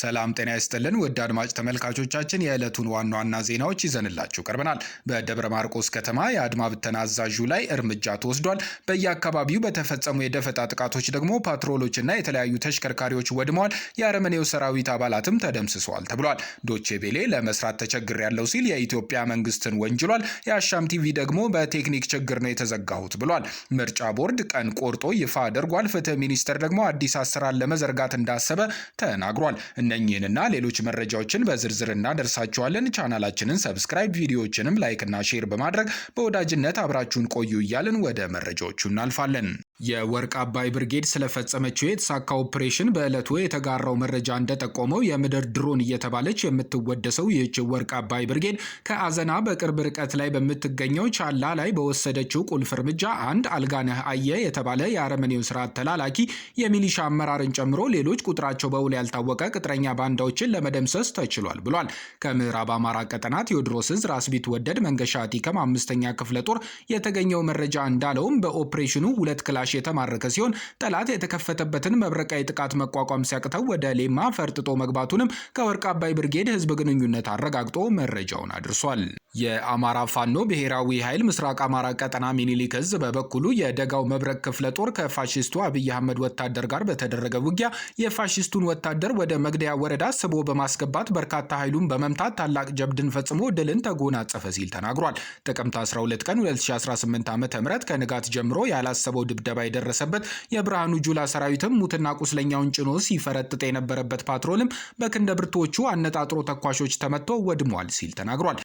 ሰላም ጤና ይስጥልን ውድ አድማጭ ተመልካቾቻችን የዕለቱን ዋና ዋና ዜናዎች ይዘንላችሁ ቀርበናል። በደብረ ማርቆስ ከተማ የአድማ ብተና አዛዡ ላይ እርምጃ ተወስዷል። በየአካባቢው በተፈጸሙ የደፈጣ ጥቃቶች ደግሞ ፓትሮሎችና የተለያዩ ተሽከርካሪዎች ወድመዋል። የአረመኔው ሰራዊት አባላትም ተደምስሰዋል ተብሏል። ዶቼ ቤሌ ለመስራት ተቸግር ያለው ሲል የኢትዮጵያ መንግስትን ወንጅሏል። የአሻም ቲቪ ደግሞ በቴክኒክ ችግር ነው የተዘጋሁት ብሏል። ምርጫ ቦርድ ቀን ቆርጦ ይፋ አድርጓል። ፍትህ ሚኒስቴር ደግሞ አዲስ አሰራር ለመዘርጋት እንዳሰበ ተናግሯል። እነኚህንና ሌሎች መረጃዎችን በዝርዝር እናደርሳችኋለን። ቻናላችንን ሰብስክራይብ፣ ቪዲዮዎችንም እና ሼር በማድረግ በወዳጅነት አብራችሁን ቆዩ እያልን ወደ መረጃዎቹ እናልፋለን። የወርቅ አባይ ብርጌድ ስለፈጸመችው የተሳካ ኦፕሬሽን በዕለቱ የተጋራው መረጃ እንደጠቆመው የምድር ድሮን እየተባለች የምትወደሰው ይህች ወርቅ አባይ ብርጌድ ከአዘና በቅርብ ርቀት ላይ በምትገኘው ቻላ ላይ በወሰደችው ቁልፍ እርምጃ አንድ አልጋነህ አየ የተባለ የአረመኔው ስርዓት ተላላኪ የሚሊሻ አመራርን ጨምሮ ሌሎች ቁጥራቸው በውል ያልታወቀ ቅጥረኛ ባንዳዎችን ለመደምሰስ ተችሏል ብሏል። ከምዕራብ አማራ ቀጠና ቴዎድሮስ ዕዝ ራስ ቢትወደድ መንገሻ ቲከም አምስተኛ ክፍለ ጦር የተገኘው መረጃ እንዳለውም በኦፕሬሽኑ ሁለት ክላ በክላሽ የተማረከ ሲሆን ጠላት የተከፈተበትን መብረቃዊ ጥቃት መቋቋም ሲያቅተው ወደ ሌማ ፈርጥጦ መግባቱንም ከወርቅ አባይ ብርጌድ ህዝብ ግንኙነት አረጋግጦ መረጃውን አድርሷል። የአማራ ፋኖ ብሔራዊ ኃይል ምስራቅ አማራ ቀጠና ሚኒሊክ እዝ በበኩሉ የደጋው መብረቅ ክፍለ ጦር ከፋሽስቱ አብይ አህመድ ወታደር ጋር በተደረገ ውጊያ የፋሽስቱን ወታደር ወደ መግደያ ወረዳ ስቦ በማስገባት በርካታ ኃይሉን በመምታት ታላቅ ጀብድን ፈጽሞ ድልን ተጎናጸፈ ሲል ተናግሯል። ጥቅምት 12 ቀን 2018 ዓ ም ከንጋት ጀምሮ ያላሰበው ድብደባ የደረሰበት የብርሃኑ ጁላ ሰራዊትም ሙትና ቁስለኛውን ጭኖ ሲፈረጥጥ የነበረበት ፓትሮልም በክንደ ብርቶቹ አነጣጥሮ ተኳሾች ተመቶ ወድሟል ሲል ተናግሯል።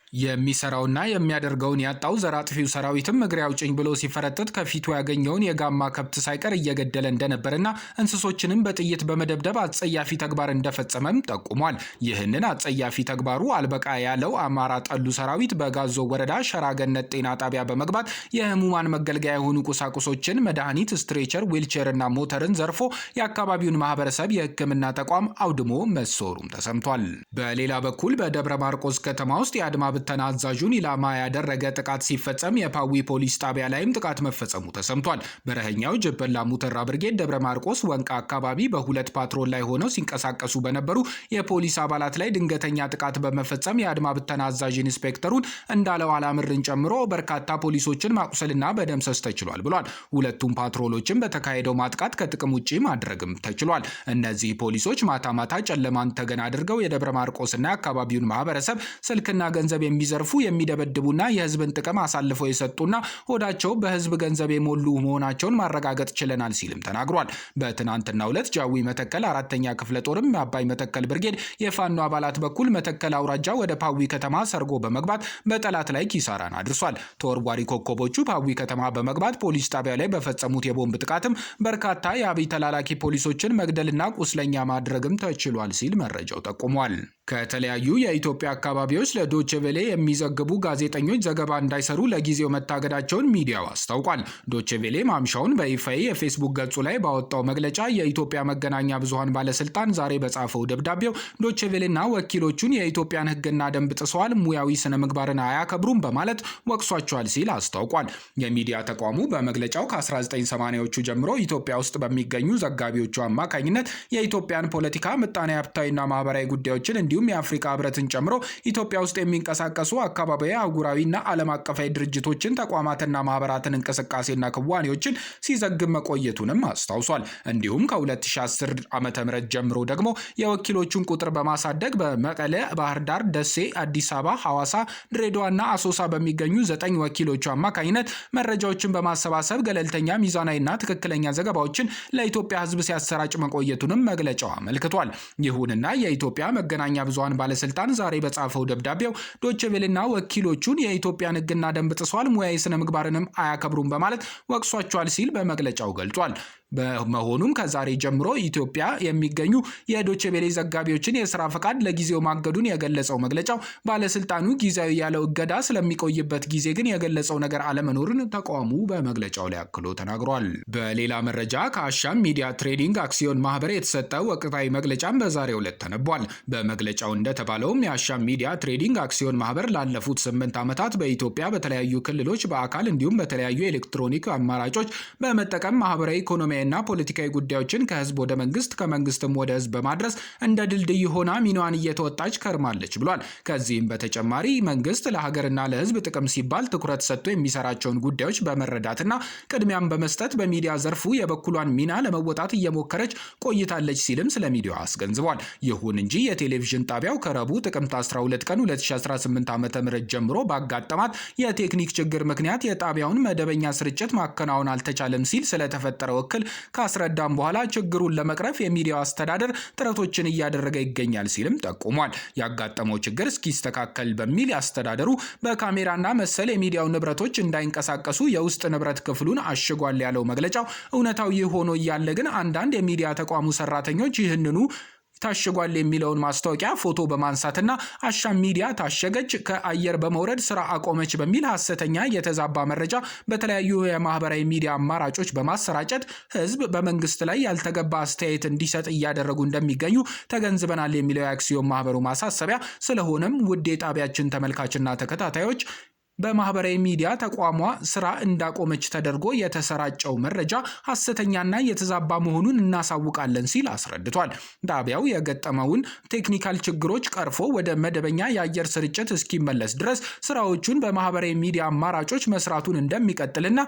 የሚሰራውና የሚያደርገውን ያጣው ዘራጥፊው ሰራዊትም እግሬ አውጭኝ ብሎ ሲፈረጥጥ ከፊቱ ያገኘውን የጋማ ከብት ሳይቀር እየገደለ እንደነበርና እንስሶችንም በጥይት በመደብደብ አጸያፊ ተግባር እንደፈጸመም ጠቁሟል። ይህንን አጸያፊ ተግባሩ አልበቃ ያለው አማራ ጠሉ ሰራዊት በጋዞ ወረዳ ሸራገነት ጤና ጣቢያ በመግባት የህሙማን መገልገያ የሆኑ ቁሳቁሶችን፣ መድኃኒት፣ ስትሬቸር፣ ዊልቸር እና ሞተርን ዘርፎ የአካባቢውን ማህበረሰብ የህክምና ተቋም አውድሞ መሰሩም ተሰምቷል። በሌላ በኩል በደብረ ማርቆስ ከተማ ውስጥ የአድማ ብተና አዛዡን ኢላማ ያደረገ ጥቃት ሲፈጸም የፓዊ ፖሊስ ጣቢያ ላይም ጥቃት መፈጸሙ ተሰምቷል። በረኸኛው ጀበላ ሙተራ ብርጌድ ደብረ ማርቆስ ወንቃ አካባቢ በሁለት ፓትሮል ላይ ሆነው ሲንቀሳቀሱ በነበሩ የፖሊስ አባላት ላይ ድንገተኛ ጥቃት በመፈጸም የአድማ ብተና አዛዥ ኢንስፔክተሩን እንዳለው አላምርን ጨምሮ በርካታ ፖሊሶችን ማቁሰልና በደምሰስ ተችሏል ብሏል። ሁለቱም ፓትሮሎችን በተካሄደው ማጥቃት ከጥቅም ውጭ ማድረግም ተችሏል። እነዚህ ፖሊሶች ማታ ማታ ጨለማን ተገን አድርገው የደብረ ማርቆስና የአካባቢውን ማህበረሰብ ስልክና ገንዘብ የሚዘርፉ የሚዘርፉ የሚደበድቡና የህዝብን ጥቅም አሳልፈው የሰጡና ሆዳቸው በህዝብ ገንዘብ የሞሉ መሆናቸውን ማረጋገጥ ችለናል ሲልም ተናግሯል። በትናንትናው ዕለት ጃዊ መተከል አራተኛ ክፍለ ጦርም አባይ መተከል ብርጌድ የፋኖ አባላት በኩል መተከል አውራጃ ወደ ፓዊ ከተማ ሰርጎ በመግባት በጠላት ላይ ኪሳራን አድርሷል። ተወርዋሪ ኮከቦቹ ፓዊ ከተማ በመግባት ፖሊስ ጣቢያ ላይ በፈጸሙት የቦምብ ጥቃትም በርካታ የአብይ ተላላኪ ፖሊሶችን መግደልና ቁስለኛ ማድረግም ተችሏል ሲል መረጃው ጠቁሟል። ከተለያዩ የኢትዮጵያ አካባቢዎች ለዶችቬሌ የሚዘ የሚዘግቡ ጋዜጠኞች ዘገባ እንዳይሰሩ ለጊዜው መታገዳቸውን ሚዲያው አስታውቋል። ዶቼ ማምሻውን በይፋዬ የፌስቡክ ገጹ ላይ ባወጣው መግለጫ የኢትዮጵያ መገናኛ ብዙሀን ባለስልጣን ዛሬ በጻፈው ደብዳቤው ዶችቬሌና ወኪሎቹን የኢትዮጵያን ሕግና ደንብ ጥሰዋል፣ ሙያዊ ስነ ምግባርን አያከብሩም በማለት ወቅሷቸዋል ሲል አስታውቋል። የሚዲያ ተቋሙ በመግለጫው ከ1980ዎቹ ጀምሮ ኢትዮጵያ ውስጥ በሚገኙ ዘጋቢዎቹ አማካኝነት የኢትዮጵያን ፖለቲካ፣ ምጣኔ ሀብታዊና ማህበራዊ ጉዳዮችን እንዲሁም የአፍሪካ ህብረትን ጨምሮ ኢትዮጵያ ውስጥ የሚንቀሳቀሱ አካባቢያዊ አህጉራዊና ዓለም አቀፋዊ ድርጅቶችን ተቋማትና ማህበራትን እንቅስቃሴና ክዋኔዎችን ሲዘግብ መቆየቱንም አስታውሷል። እንዲሁም ከ2010 ዓ.ም ጀምሮ ደግሞ የወኪሎቹን ቁጥር በማሳደግ በመቀለ፣ ባህር ዳር፣ ደሴ፣ አዲስ አበባ፣ ሐዋሳ፣ ድሬዳዋና አሶሳ በሚገኙ ዘጠኝ ወኪሎቹ አማካኝነት መረጃዎችን በማሰባሰብ ገለልተኛ ሚዛናዊና ትክክለኛ ዘገባዎችን ለኢትዮጵያ ህዝብ ሲያሰራጭ መቆየቱንም መግለጫው አመልክቷል። ይሁንና የኢትዮጵያ መገናኛ ብዙሀን ባለስልጣን ዛሬ በጻፈው ደብዳቤው ዶችቬልና ወኪሎቹን የኢትዮጵያን ሕግና ደንብ ጥሷል፣ ሙያዊ ስነ ምግባርንም አያከብሩም በማለት ወቅሷቸዋል ሲል በመግለጫው ገልጿል። በመሆኑም ከዛሬ ጀምሮ ኢትዮጵያ የሚገኙ የዶቼቤሌ ዘጋቢዎችን የስራ ፈቃድ ለጊዜው ማገዱን የገለጸው መግለጫው ባለስልጣኑ ጊዜያዊ ያለው እገዳ ስለሚቆይበት ጊዜ ግን የገለጸው ነገር አለመኖርን ተቋሙ በመግለጫው ላይ አክሎ ተናግሯል። በሌላ መረጃ ከአሻም ሚዲያ ትሬዲንግ አክሲዮን ማህበር የተሰጠ ወቅታዊ መግለጫም በዛሬው ዕለት ተነቧል። በመግለጫው እንደተባለውም የአሻም ሚዲያ ትሬዲንግ አክሲዮን ማህበር ላለ ባለፉት ስምንት ዓመታት በኢትዮጵያ በተለያዩ ክልሎች በአካል እንዲሁም በተለያዩ ኤሌክትሮኒክ አማራጮች በመጠቀም ማህበራዊ፣ ኢኮኖሚያዊና ፖለቲካዊ ጉዳዮችን ከህዝብ ወደ መንግስት ከመንግስትም ወደ ህዝብ በማድረስ እንደ ድልድይ ሆና ሚናዋን እየተወጣች ከርማለች ብሏል። ከዚህም በተጨማሪ መንግስት ለሀገርና ለህዝብ ጥቅም ሲባል ትኩረት ሰጥቶ የሚሰራቸውን ጉዳዮች በመረዳትና ቅድሚያም በመስጠት በሚዲያ ዘርፉ የበኩሏን ሚና ለመወጣት እየሞከረች ቆይታለች ሲልም ስለ ሚዲያው አስገንዝቧል። ይሁን እንጂ የቴሌቪዥን ጣቢያው ከረቡ ጥቅምት 12 ቀን 2018 ዓ.ም ጀምሮ ባጋጠማት የቴክኒክ ችግር ምክንያት የጣቢያውን መደበኛ ስርጭት ማከናወን አልተቻለም ሲል ስለተፈጠረው እክል ካስረዳም በኋላ ችግሩን ለመቅረፍ የሚዲያው አስተዳደር ጥረቶችን እያደረገ ይገኛል ሲልም ጠቁሟል። ያጋጠመው ችግር እስኪስተካከል በሚል አስተዳደሩ በካሜራና መሰል የሚዲያው ንብረቶች እንዳይንቀሳቀሱ የውስጥ ንብረት ክፍሉን አሽጓል ያለው መግለጫው እውነታው ይህ ሆኖ እያለ ግን አንዳንድ የሚዲያ ተቋሙ ሰራተኞች ይህንኑ ታሽጓል የሚለውን ማስታወቂያ ፎቶ በማንሳትና አሻም ሚዲያ ታሸገች፣ ከአየር በመውረድ ስራ አቆመች በሚል ሀሰተኛ የተዛባ መረጃ በተለያዩ የማህበራዊ ሚዲያ አማራጮች በማሰራጨት ህዝብ በመንግስት ላይ ያልተገባ አስተያየት እንዲሰጥ እያደረጉ እንደሚገኙ ተገንዝበናል የሚለው የአክሲዮን ማህበሩ ማሳሰቢያ ስለሆነም ውድ የጣቢያችን ተመልካችና ተከታታዮች በማህበራዊ ሚዲያ ተቋሟ ስራ እንዳቆመች ተደርጎ የተሰራጨው መረጃ ሐሰተኛና የተዛባ መሆኑን እናሳውቃለን ሲል አስረድቷል። ጣቢያው የገጠመውን ቴክኒካል ችግሮች ቀርፎ ወደ መደበኛ የአየር ስርጭት እስኪመለስ ድረስ ስራዎቹን በማህበራዊ ሚዲያ አማራጮች መስራቱን እንደሚቀጥልና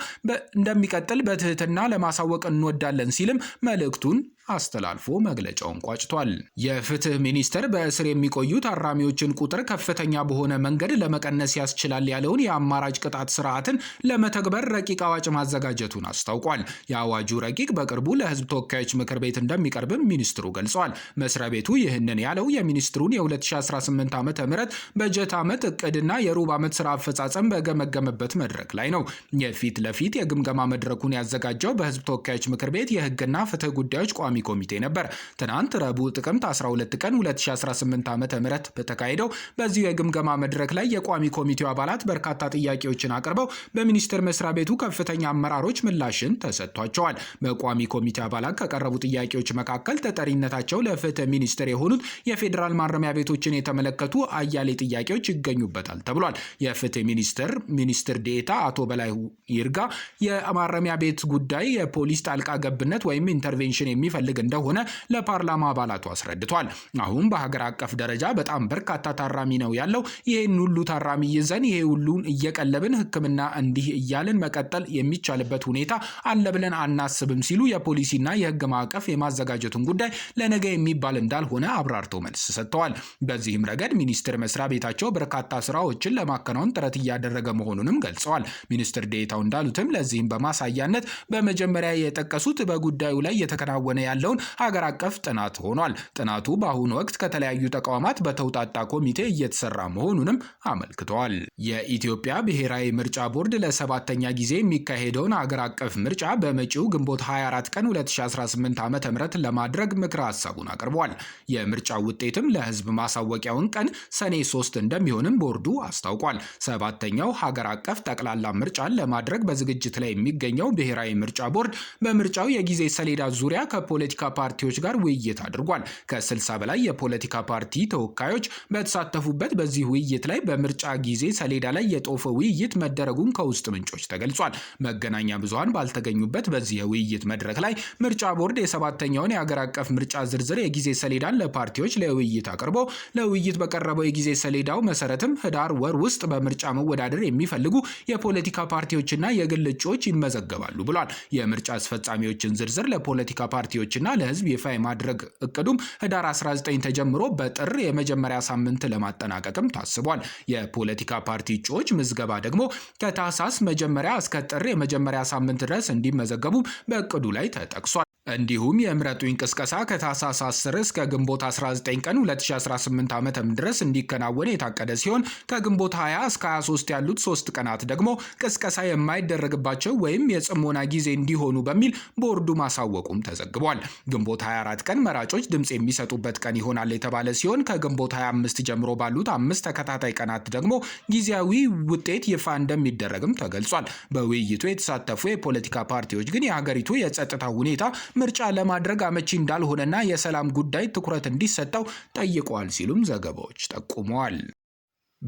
እንደሚቀጥል በትህትና ለማሳወቅ እንወዳለን ሲልም መልእክቱን አስተላልፎ መግለጫውን ቋጭቷል። የፍትህ ሚኒስቴር በእስር የሚቆዩ ታራሚዎችን ቁጥር ከፍተኛ በሆነ መንገድ ለመቀነስ ያስችላል ያለውን የአማራጭ ቅጣት ስርዓትን ለመተግበር ረቂቅ አዋጅ ማዘጋጀቱን አስታውቋል። የአዋጁ ረቂቅ በቅርቡ ለህዝብ ተወካዮች ምክር ቤት እንደሚቀርብም ሚኒስትሩ ገልጿል። መስሪያ ቤቱ ይህንን ያለው የሚኒስትሩን የ2018 ዓ ም በጀት ዓመት እቅድና የሩብ ዓመት ስራ አፈጻጸም በገመገመበት መድረክ ላይ ነው። የፊት ለፊት የግምገማ መድረኩን ያዘጋጀው በህዝብ ተወካዮች ምክር ቤት የህግና ፍትህ ጉዳዮች ቋሚ ቋሚ ኮሚቴ ነበር። ትናንት ረቡዕ ጥቅምት 12 ቀን 2018 ዓ ም በተካሄደው በዚሁ የግምገማ መድረክ ላይ የቋሚ ኮሚቴው አባላት በርካታ ጥያቄዎችን አቅርበው በሚኒስቴር መስሪያ ቤቱ ከፍተኛ አመራሮች ምላሽን ተሰጥቷቸዋል። በቋሚ ኮሚቴ አባላት ከቀረቡ ጥያቄዎች መካከል ተጠሪነታቸው ለፍትህ ሚኒስቴር የሆኑት የፌዴራል ማረሚያ ቤቶችን የተመለከቱ አያሌ ጥያቄዎች ይገኙበታል ተብሏል። የፍትህ ሚኒስቴር ሚኒስትር ዴታ አቶ በላይ ይርጋ የማረሚያ ቤት ጉዳይ የፖሊስ ጣልቃ ገብነት ወይም ኢንተርቬንሽን የሚፈል የሚፈልግ እንደሆነ ለፓርላማ አባላቱ አስረድቷል። አሁን በሀገር አቀፍ ደረጃ በጣም በርካታ ታራሚ ነው ያለው። ይህን ሁሉ ታራሚ ይዘን ይሄ ሁሉን እየቀለብን ሕክምና እንዲህ እያልን መቀጠል የሚቻልበት ሁኔታ አለ ብለን አናስብም ሲሉ የፖሊሲና የህግ ማዕቀፍ የማዘጋጀቱን ጉዳይ ለነገ የሚባል እንዳልሆነ አብራርቶ መልስ ሰጥተዋል። በዚህም ረገድ ሚኒስቴር መስሪያ ቤታቸው በርካታ ስራዎችን ለማከናወን ጥረት እያደረገ መሆኑንም ገልጸዋል። ሚኒስትር ዴታው እንዳሉትም ለዚህም በማሳያነት በመጀመሪያ የጠቀሱት በጉዳዩ ላይ የተከናወነ ያለውን ሀገር አቀፍ ጥናት ሆኗል። ጥናቱ በአሁኑ ወቅት ከተለያዩ ተቋማት በተውጣጣ ኮሚቴ እየተሰራ መሆኑንም አመልክተዋል። የኢትዮጵያ ብሔራዊ ምርጫ ቦርድ ለሰባተኛ ጊዜ የሚካሄደውን ሀገር አቀፍ ምርጫ በመጪው ግንቦት 24 ቀን 2018 ዓ ም ለማድረግ ምክረ ሀሳቡን አቅርቧል። የምርጫ ውጤትም ለህዝብ ማሳወቂያውን ቀን ሰኔ 3 እንደሚሆንም ቦርዱ አስታውቋል። ሰባተኛው ሀገር አቀፍ ጠቅላላ ምርጫን ለማድረግ በዝግጅት ላይ የሚገኘው ብሔራዊ ምርጫ ቦርድ በምርጫው የጊዜ ሰሌዳ ዙሪያ ከፖ የፖለቲካ ፓርቲዎች ጋር ውይይት አድርጓል። ከ60 በላይ የፖለቲካ ፓርቲ ተወካዮች በተሳተፉበት በዚህ ውይይት ላይ በምርጫ ጊዜ ሰሌዳ ላይ የጦፈ ውይይት መደረጉን ከውስጥ ምንጮች ተገልጿል። መገናኛ ብዙሃን ባልተገኙበት በዚህ የውይይት መድረክ ላይ ምርጫ ቦርድ የሰባተኛውን የአገር አቀፍ ምርጫ ዝርዝር የጊዜ ሰሌዳን ለፓርቲዎች ለውይይት አቅርቦ ለውይይት በቀረበው የጊዜ ሰሌዳው መሰረትም ህዳር ወር ውስጥ በምርጫ መወዳደር የሚፈልጉ የፖለቲካ ፓርቲዎችና የግል እጩዎች ይመዘገባሉ ብሏል። የምርጫ አስፈጻሚዎችን ዝርዝር ለፖለቲካ ፓርቲዎች ለተማሪዎችና ለህዝብ ይፋ የማድረግ እቅዱም ህዳር 19 ተጀምሮ በጥር የመጀመሪያ ሳምንት ለማጠናቀቅም ታስቧል። የፖለቲካ ፓርቲ እጩዎች ምዝገባ ደግሞ ከታህሳስ መጀመሪያ እስከ ጥር የመጀመሪያ ሳምንት ድረስ እንዲመዘገቡ በእቅዱ ላይ ተጠቅሷል። እንዲሁም የምረጡኝ ቅስቀሳ ከታህሳስ 10 እስከ ግንቦት 19 ቀን 2018 ም ድረስ እንዲከናወን የታቀደ ሲሆን ከግንቦት 20 እስከ 23 ያሉት ሶስት ቀናት ደግሞ ቅስቀሳ የማይደረግባቸው ወይም የጽሞና ጊዜ እንዲሆኑ በሚል ቦርዱ ማሳወቁም ተዘግቧል። ግንቦት 24 ቀን መራጮች ድምፅ የሚሰጡበት ቀን ይሆናል የተባለ ሲሆን ከግንቦት 25 ጀምሮ ባሉት አምስት ተከታታይ ቀናት ደግሞ ጊዜያዊ ውጤት ይፋ እንደሚደረግም ተገልጿል። በውይይቱ የተሳተፉ የፖለቲካ ፓርቲዎች ግን የሀገሪቱ የጸጥታ ሁኔታ ምርጫ ለማድረግ አመቺ እንዳልሆነና የሰላም ጉዳይ ትኩረት እንዲሰጠው ጠይቋል ሲሉም ዘገባዎች ጠቁመዋል።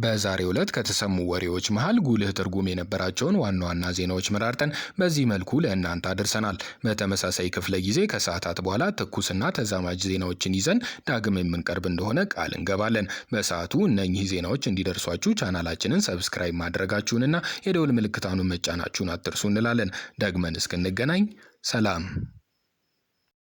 በዛሬው ዕለት ከተሰሙ ወሬዎች መሃል ጉልህ ትርጉም የነበራቸውን ዋና ዋና ዜናዎች መራርጠን በዚህ መልኩ ለእናንተ አድርሰናል። በተመሳሳይ ክፍለ ጊዜ ከሰዓታት በኋላ ትኩስና ተዛማጅ ዜናዎችን ይዘን ዳግም የምንቀርብ እንደሆነ ቃል እንገባለን። በሰዓቱ እነኚህ ዜናዎች እንዲደርሷችሁ ቻናላችንን ሰብስክራይብ ማድረጋችሁንና የደውል ምልክታኑን መጫናችሁን አትርሱ እንላለን። ደግመን እስክንገናኝ ሰላም።